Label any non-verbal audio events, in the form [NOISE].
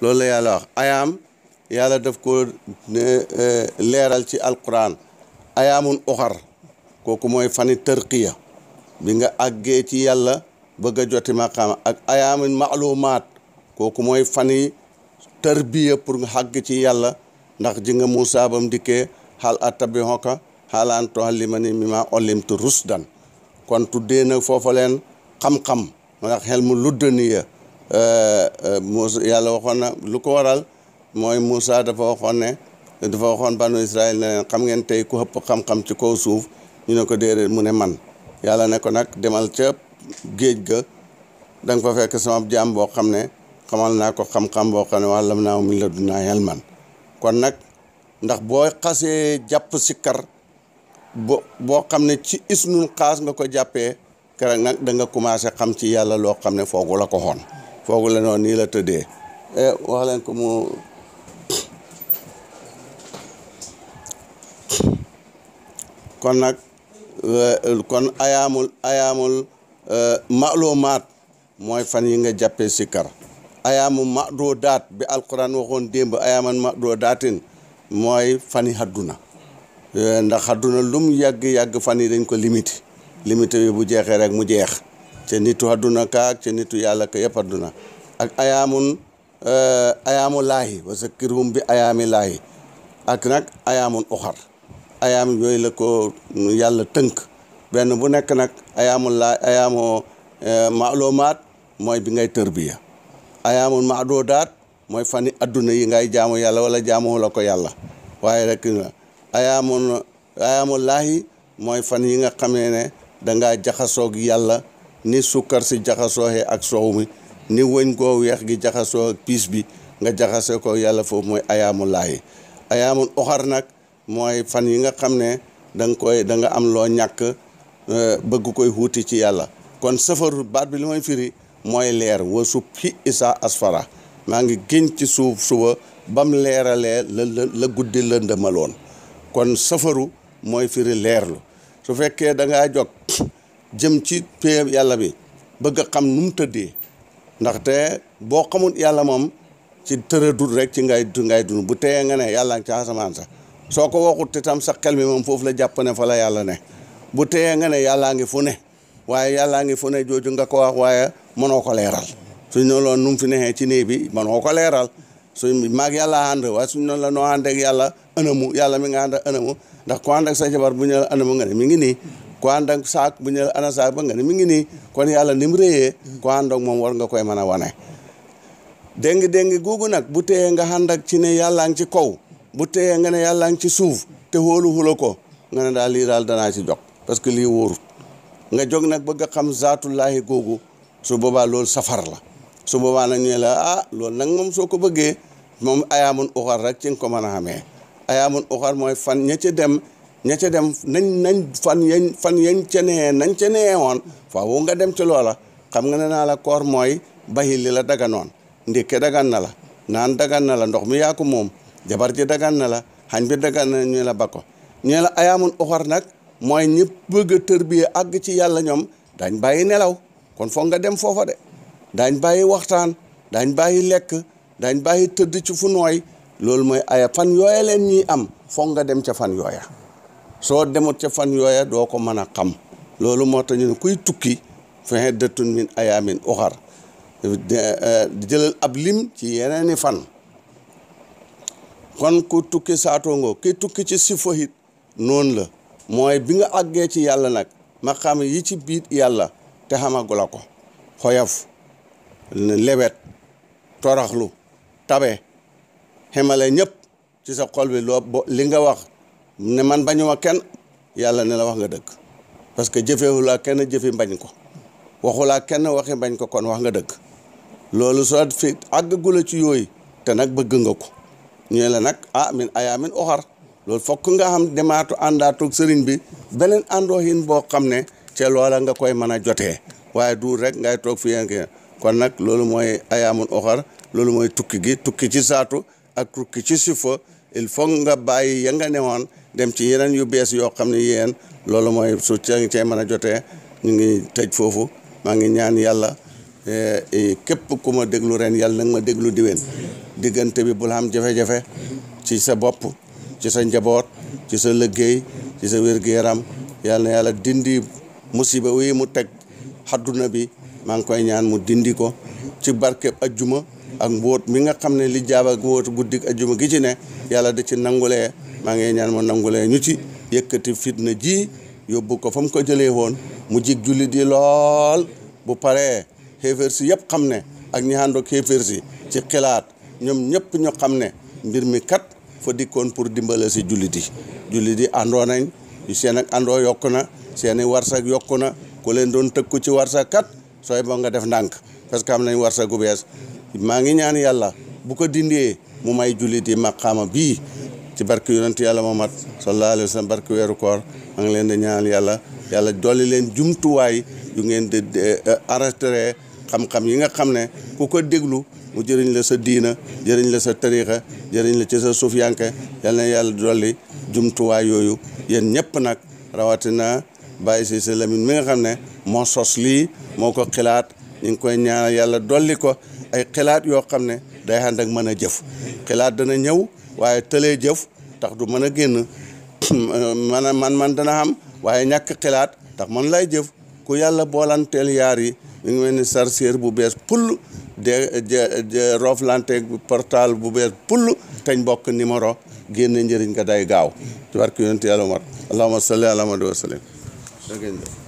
loolu la yàlla wax ayaam yàlla def ko e, leeral ci alquran ayaamun oxar kooku mooy fani tërqiya bi nga àggee ci yàlla bëgg a joti maqaama ak ayaamun maalumaat kooku mooy fani tarbiya pour nga xàgg ci yàlla ndax ji nga Muusaa bam dikkee xal attabi'uka xaalaa an tu'allimani mimmaa ullimta rushdan kon tuddee na foofa leen xam-xam ndax xel mu luddaniya Euh, euh, Moussa yàlla waxoon na lu ko waral mooy Moussa dafa waxoon ne dafa waxoon banu Israël ne leen xam ngeen tey ku ëpp xam-xam ci kaw suuf ñu ne ko déedéet mu ne man yàlla ne ko nag demal ca géej ga da nga fa fekk sama jaam boo xam ne xamal naa ko xam-xam boo xam ne wàllam naa mi la dunaa yàl man kon nag ndax boo xasee jàpp sikkar bo boo xam ne ci isnul xaas nga ko jàppee keroog nga danga nga commencé xam ci yàlla loo xam ne foogu la ko xoon foogu la noonu nii la tëddee eh, wax leen ko mu kon nag eh, kon ayaamul ayaamul eh, maalumaat mooy fan yi nga jàppee sikkar ayaamu madudaat bi alquran waxoon démb ayaaman madudaatin mooy fan yi ndax hadduna lum yàgg-yàgg fan yi dañ ko limité limité bu jeexee rek mu jeex ci nitu aduna ka ak ci nitu yalla ka yëpp aduna ak euh ayamu lahi wa zakirhum bi ayami lahi, ak nak ayamun ukhar ayam yoy la ko yalla teunk ben bu nek nak ayamu la ayamu eh, ma'lumat moy bi ngay terbiya ayamun ma'dudat moy fani aduna yi ngay jamu yalla wala jamu la ko yàlla waaye rek ayamun ayamu lahi moy fani yi nga da nga jaxaso ak yalla ni sukkar si jaxasooxee ak soow mi ni wëñ koo weex gi jaxasoo ak piis bi nga jaxase ko yàlla foofu mooy ayaamu laayi ayaamu oxar nag mooy fan yi nga xam ne danga koy danga am loo ñàkk euh, bëgg koy wuuti ci yàlla kon safaru baat bi li mooy firi mooy leer wa subhi isa asfara maa ngi génn ci suuf suba bam leerale la la guddi kon safaru mooy firi leerlu su fekkee da ngaa jëm ci pay yàlla bi bëgg a xam nu mu tëddee ndaxte boo xamul yàlla moom ci tëradut rek ci ngay ngay dund bu teye nga ne yàlla ci asamaan sa soo ko waxut itam sa xel moom foofu la jàpp ne fa yàlla ne bu teye nga ne yàllaa ngi fu ne waaye yàllaa ngi fu ne jooju nga ko wax waaye mënoo ko leeral suñ ne loon nu mu fi nexee ci néeg bi ma noo ko leeral suñ maag yàlla ànd waaye suñ la noo ànd ak yàlla anamu yàlla mi nga ànd ak anamu ndax ko ànd ak sa jabar bu ñu la anamu nga ne mi ngi nii ku ànd saak bu ñu ana saak ba nga ne mi ngi nii kon yàlla ni mu réyee ku ak moom war nga koy mën a wane déngi déngi googu nag bu téyee nga ànd ak ci ne yàllaa ngi ci kaw bu téyee nga ne yàllaa ngi ci suuf te wóolu xula ko nga ne daal lii daal danaa ci jog parce que lii wóorut nga jog nag bëgg a xam zaatullaahi googu su boobaa loolu safara la su boobaa na ñu la ah loolu nag moom soo ko bëggee moom ayaamun uxar rek ci ko mën a xamee ayaamun uxar mooy fan ña ca dem ña ca dem nañ nañ fan yañ fan yañ ca nee nañ ca nee woon faaw nga dem ci loola xam nga ne naa la koor mooy bayi li la daganoon ndékke dagan na la naan dagana la ndox mi yaa ko moom jabar ji dagan la xañ bi dagan na ñu la bako ñu la ayaamun uxar nag mooy ñi bëgg a tër bi àgg ci yàlla ñoom dañ bàyyi nelaw kon foog nga dem foofa de daañ bàyyi waxtaan dañ bàyyi lekk dañ bàyyi tëdd ci fu nooy loolu mooy aya fan yooya leen ñuy am foog nga dem ca fan yooya soo demut ca fan yooya doo ko mën a xam loolu moo tax ñu ne kuy tukki fexe dëttun min ayaamin uxar eh, jëlal ab lim ci yeneeni fan kon ku tukki saatoongo ki tukki ci sifa it noonu la mooy bi nga àggee ci yàlla nag ma xam yi ci biit yàlla te xamagula ko xoyof lewet toraxlu tabe xemale ñëpp ci sa xol li nga wax ne man bañuma kenn yàlla ne la wax nga dëgg parce que jëfewulaa kenn jëfi mbañ ko waxulaa kenn waxi mbañ ko kon wax nga dëgg loolu soo fi àggagula ci yooyu te nag bëgg nga ko ñu la nag ah min ayaa min loolu fokk nga demaatu àndaatoog sëriñ bi beneen àndooxin boo xam ne ca nga koy mën a jotee waaye du rek ngay toog kon nag loolu mooy ayaamun oxar loolu mooy tukki gi tukki ci saatu ak tukki ci sifa il faut nga bàyyi ya nga newoon dem ci yeneen yu bees yoo xam ne yéen loolu mooy su cee cee mën a jotee ñu ngi tëj foofu maa ngi ñaan yàlla eh, eh, képp ku ma déglu ren yàlla nag ma déglu diwén diggante bi bul am jafe-jafe ci sa bopp ci sa njaboot ci sa lëggéey ci sa wér yaram yàlla yàlla dindi musiba wi mu teg xadduna bi maa ngi koy ñaan mu dindi ko ci barkeb ajjuma ak mbóot mi nga xam ne li jaaba mbóot guddik ajjuma gi ci ne yàlla di ci nangulee ma ngay ñaan mo nangulee ñu ci yëkëti fitna ji yobbu ko fam ko jëlé won mu jik julli di lol bu paré xéeféer si yëpp xamné ak ñi hando ak xéeféer si ci xilaat ñom ñëpp ñu xamné mbir mi kat fa dikkon pour dimbalé si julli di julli di ando nañ yu seen ak ando yokuna seen warsa ak yokuna ko leen doon ci warsa kat soy bo nga def ndank parce que am nañ warsa gu bes ma ngi ñaan yalla bu ko dindé mu may julli di maqama bi ci barke yonent yàlla Muhammad sallallahu alayhi wa sallam barke weeru koor maa ngi leen di ñaanal yàlla yàlla dolli leen jumtuwaay yu ngeen di eh, arrêté xam-xam yi nga xam ne ku ko déglu mu jëriñ la sa diina jëriñ la sa tariixa jëriñ la ci sa suufiyanke yal na yàlla dolli jumtuwaay yooyu yéen ñëpp nag rawatina Baye Cissé Lamine mi nga xam ne moo sos lii moo ko xilaat ñu ngi koy ñaanal yàlla dolli ko ay xilaat yoo xam ne day ànd ak mën a jëf xilaat dana ñëw waaye tëlee jëf tax du mën a génn [CLEARS THROAT] man man man dana am waaye ñàkk xalaat tax man lay jëf ku yàlla boolanteel yaar yi mu ngi mel ni chargeur bu bees pull de rooflanteeg portal bu bees pull teñ bokk numéro génne njëriñ nga day gaaw ci barke yonent yàlla Umar allahumma salli ala Muhammad